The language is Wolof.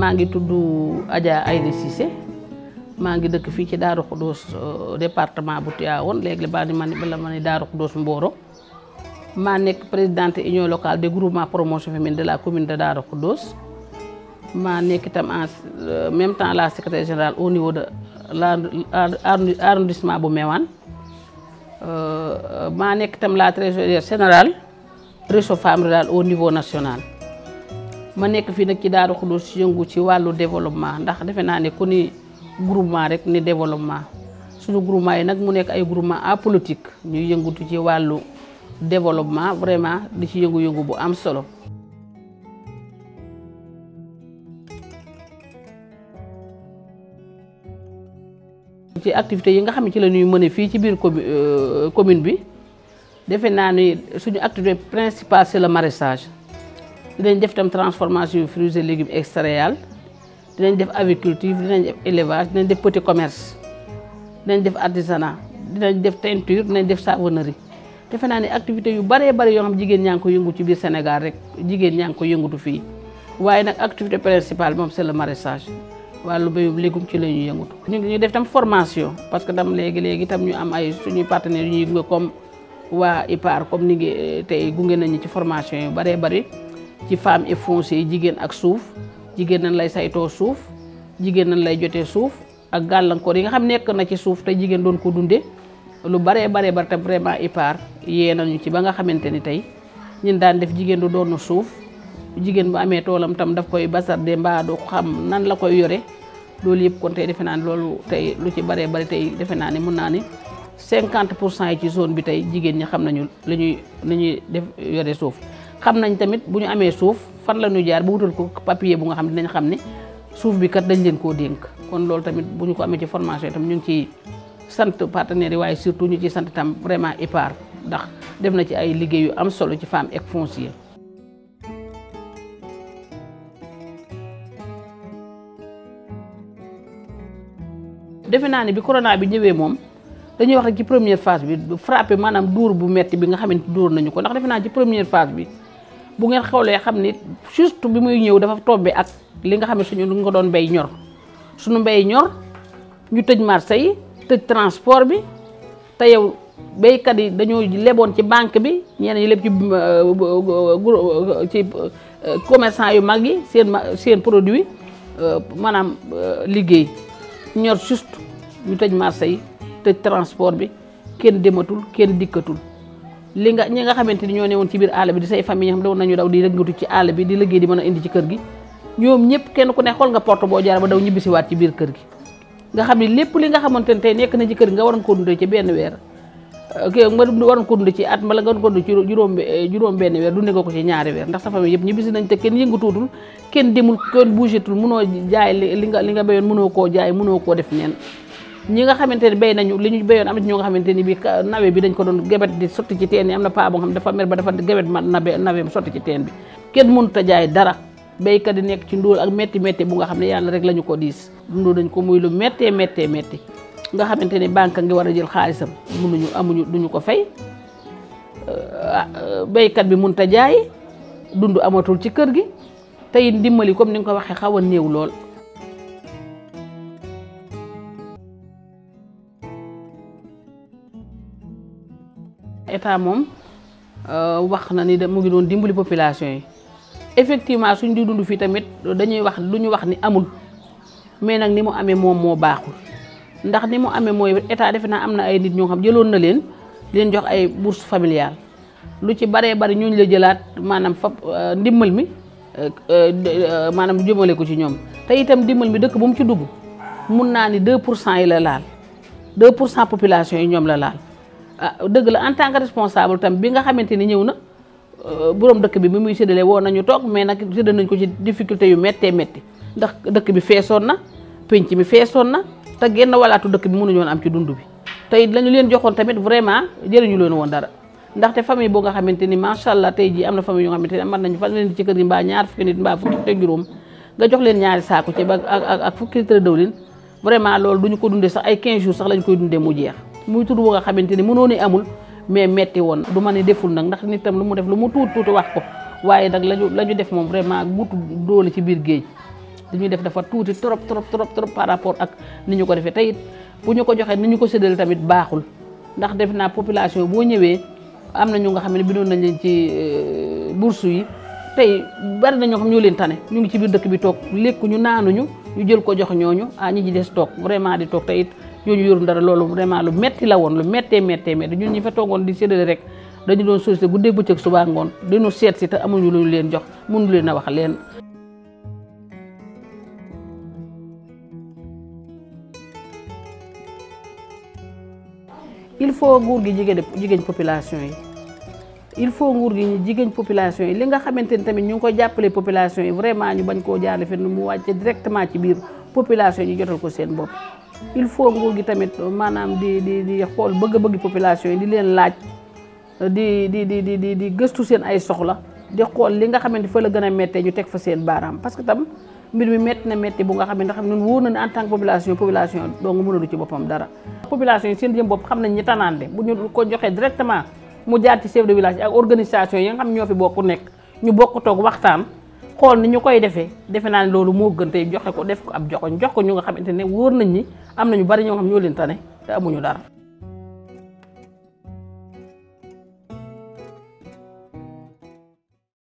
maa ngi tudd Adja Aïda Cissé maa ngi dëkk fii ci Daaru Xudoos euh, département bu Tivaouane léegi baa ni ma ni bala ma ni Daaru Xudoos Mboro maa nekk présidente union locale de groupement promotion féminine de la commune de Daaru Xudoos maa nekk itam en euh, même temps la secrétaire générale au niveau de l'arrondissement bu Mewane euh, maa nekk tam la trésorière générale réseau femmes rurales au niveau national ma nekk fii nag ci Daaru Xudoos ci yëngu ci wàllu développement ndax defe naa ne ku ni groupement rek ni développement suñu groupement yi nag mu nekk ay groupement apolitique ñuy yëngutu ci wàllu développement vraiment di ci yëngu-yëngu bu am solo ci activité yi nga xam ci la ñuy mëne fii ci biir euh, commune bi defe naa ni suñu activité principale c'est le maraîchage dinañ def tam transformation fruits et légumes et céréales dinañ def aviculture dinañ def élevage dinañ def petit commerce dinañ def artisanat dinañ def teinture dinañ def savonnerie defe naa ne activité yu bare bare yoo xam jigéen ñaa ngi ko yëngu ci biir Sénégal rek jigéen ñaa ngi ko yëngatu fii waaye nag activité principale moom c'est le maraîchage wàllu béyum légume ci la ñuy yëngatu. ñu ngi def tam formation parce que tam léegi léegi tam ñu am ay suñuy partenaires yu ñuy gunge comme waa IPAR comme ni ngi tey gunge nañu ci formation yu bare bare. ci femme et foncier jigéen ak suuf jigéen nañ lay saytoo suuf jigéen nañ lay jotee suuf ak gàllankoor yi nga xam nekk na ci suuf te jigéen doon ko dunde lu baree baree bari te vraiment IPAR yee nañu ci ba nga xamante ni tey ñun daan def jigéen du doon suuf jigéen bu amee toolam tam daf koy bazarder mbaa xam nan la koy yore loolu yëpp kon tey defe naa ne loolu tey lu ci baree bari tey defe naa ne mun naa ni cinquante pour cent yi ci zone bi tey jigéen ñi xam nañu li ñuy li def yore suuf. xam nañ tamit bu ñu amee suuf fan la ñuy jaar ba wutal ko papier bu nga xam ne dinañ xam ni suuf bi kat dañ leen koo dénk kon loolu tamit bu ñu ko amee ci formation itam ñu ngi ciy sant partenaires yi waaye surtout ñu ciy sant tam vraiment IPAR ndax def na ci ay liggéey yu am solo ci femme ak foncier. defe naa ne bi corona bi ñëwee moom dañuy wax rek ci première phase bi frappé maanaam dóor bu metti bi nga xamante dóor nañu ko ndax defe naa ci première phase bi. bu ngeen xewlee xam ni juste bi muy ñëw dafa tombé ak li nga xam ne suñu nga doon bay ñor suñu bay ñor ñu tëj marché yi tëj transport bi te yow béykat yi dañoo leboon ci banque bi ñeneen ñi leb ci euh, ci euh, commerçant yu mag yi seen seen produit euh, maanaam liggéey ñor juste ñu tëj marché yi tëj transport bi kenn dematul kenn dikkatul li nga ñi nga xamante ni ñoo newoon ci biir àll bi di say famille xam doon nañu daw di rëngatu ci àll bi di liggéey di mën a indi ci kër gi ñoom ñëpp kenn ku ne xool nga porte boo jaar ba daw ñibbisiwaat ci biir kër gi nga xam li nga xamante ne tey nekk na ci kër nga waroon ko dundee ci benn weer ok ko ci at mbala nga waroon ko dund ci juróom eh, benn weer dundee ko ko ci ñaari weer ndax sa yëpp ñibbisi nañ te kenn yëngatuutul kenn demul kenn bougetul mënoo jaay li nga li nga béyoon mënoo koo jaay mënoo koo def neen ñi nga xamante ni béy nañu li ñu béyoon am na ñoo nga xamante ni bi nawe bi dañ ko doon gebet di sotti ci teen yi am na paa boo xam dafa mer ba dafa gebet ma nawe naweem sotti ci teen bi kenn mënut a jaay dara béykat yi nekk ci ndóol ak métti métti bu nga xam ne yàlla rek la ñu ko diis dundoo dañ ko muy lu méttee méttee métti nga xamante ni banque ngi war a jël xaalisam mënuñu amuñu duñu ko fay euh, ah, euh, béykat bi mënut a jaay dund amatul ci kër gi tey ndimbali comme ni nga ko waxee xaw a néew lool état moom euh, wax na ni mu ngi doon dimbali population yi effectivement suñ di dund fii tamit dañuy wax lu ñu wax ni amul mais nag ni mu amee moom moo baaxul ndax ni mu amee mooy état defe naa am na ay nit ñoo xam jëloon na leen leen jox ay bourse familiale lu ci baree bari ñooñu la jëlaat maanaam fa euh, ndimbal mi euh, maanaam jëmale ko ci ñoom te itam ndimbal mi dëkk bu mu ci dugg mun naa ni 2 pour cent yi la laal 2 pour cent population yi ñoom la laal. Ah, dëgg la en tant que responsable tam bi nga xamante ni ñëw na euh, boroom dëkk bi bi muy séddale woo nañu toog mais nag séddal nañ ko ci difficulté yu mettee métti ndax dëkk bi feesoon na penc mi feesoon na te genn walaatu dëkk bi mënuñu ñoon am ci dund bi tey lañu leen joxoon tamit vraiment ñu leen woon dara ndaxte famille boo nga xamante ni macha allah tey jii am na famille yoo xamante ni amat nañu fan leen ci kër gi mbaa ñaar fukki nit mbaa fukki te juróom nga jox leen saako ceeb ak ak fukki litre dëwlin vraiment loolu duñu ko dundee sax ay 15 jours sax lañ koy dundee mu jeex muy tur bu nga xamante ni mënoo ne amul mais metti woon du ma ne deful nag ndax nit tam lu mu def lu mu tuuti tuuti wax ko waaye nag lañu la ñu def moom vraiment guutu doole ci biir géej li ñuy def dafa tuuti trop trop trop trop par rapport ak ni ñu ko defee teyit bu ñu ko joxee ni ñu ko séddale tamit baaxul ndax def naa population boo ñëwee am na ñu nga xam ne bindoon nañ leen ci euh, bourse yi tey bari na ñoo xam ñoo leen tane ñu ngi ci biir dëkk bi toog lekku ñu naanu ñu jël ko jox ñooñu ah ñi ci des toog vraiment di toog teyit ñooñu yorum dara loolu vraiment lu metti la woon lu méttee méttee métti ñun ñu fa toogoon di de rek dañu doon sollicité guddee bëccëg subaa ngoon dañu seet si te amuñu lu ñu leen jox mënu leen a wax leen il faut nguur gi jigéen jigéen population yi il faut nguur gi jigéen population yi li nga xamante ni tamit ñu ngi koy jàppale population yi vraiment ñu bañ koo jaarale fenn mu wàcce directement ci biir population yi ñu jotal ko seen bopp il faut nguur gi tamit maanaam di di di xool bëgg-bëgg population yi di leen laaj di di di di gëstu seen ay soxla di xool li nga xamante fa la gën a méttee ñu teg fa seen baaraam parce que tam mbir mi métti na métti bu nga xam ne ndax ñun wóor na ne en tant que population population doo nga ci boppam dara. population yi seen jëm bopp xam nañ ñi tànnaan de bu ñu ko joxee directement mu jaar ci chef de village ak organisation yi nga xam ñoo fi bokk nekk ñu bokk toog waxtaan. xool ni ñu koy defee defe naa ne loolu moo gën tey joxe ko def ko ab joxoñ jox ko ñu nga xamante ne wóor nañ ñi am nañu bari ñoo xam ñoo leen ne te amuñu dara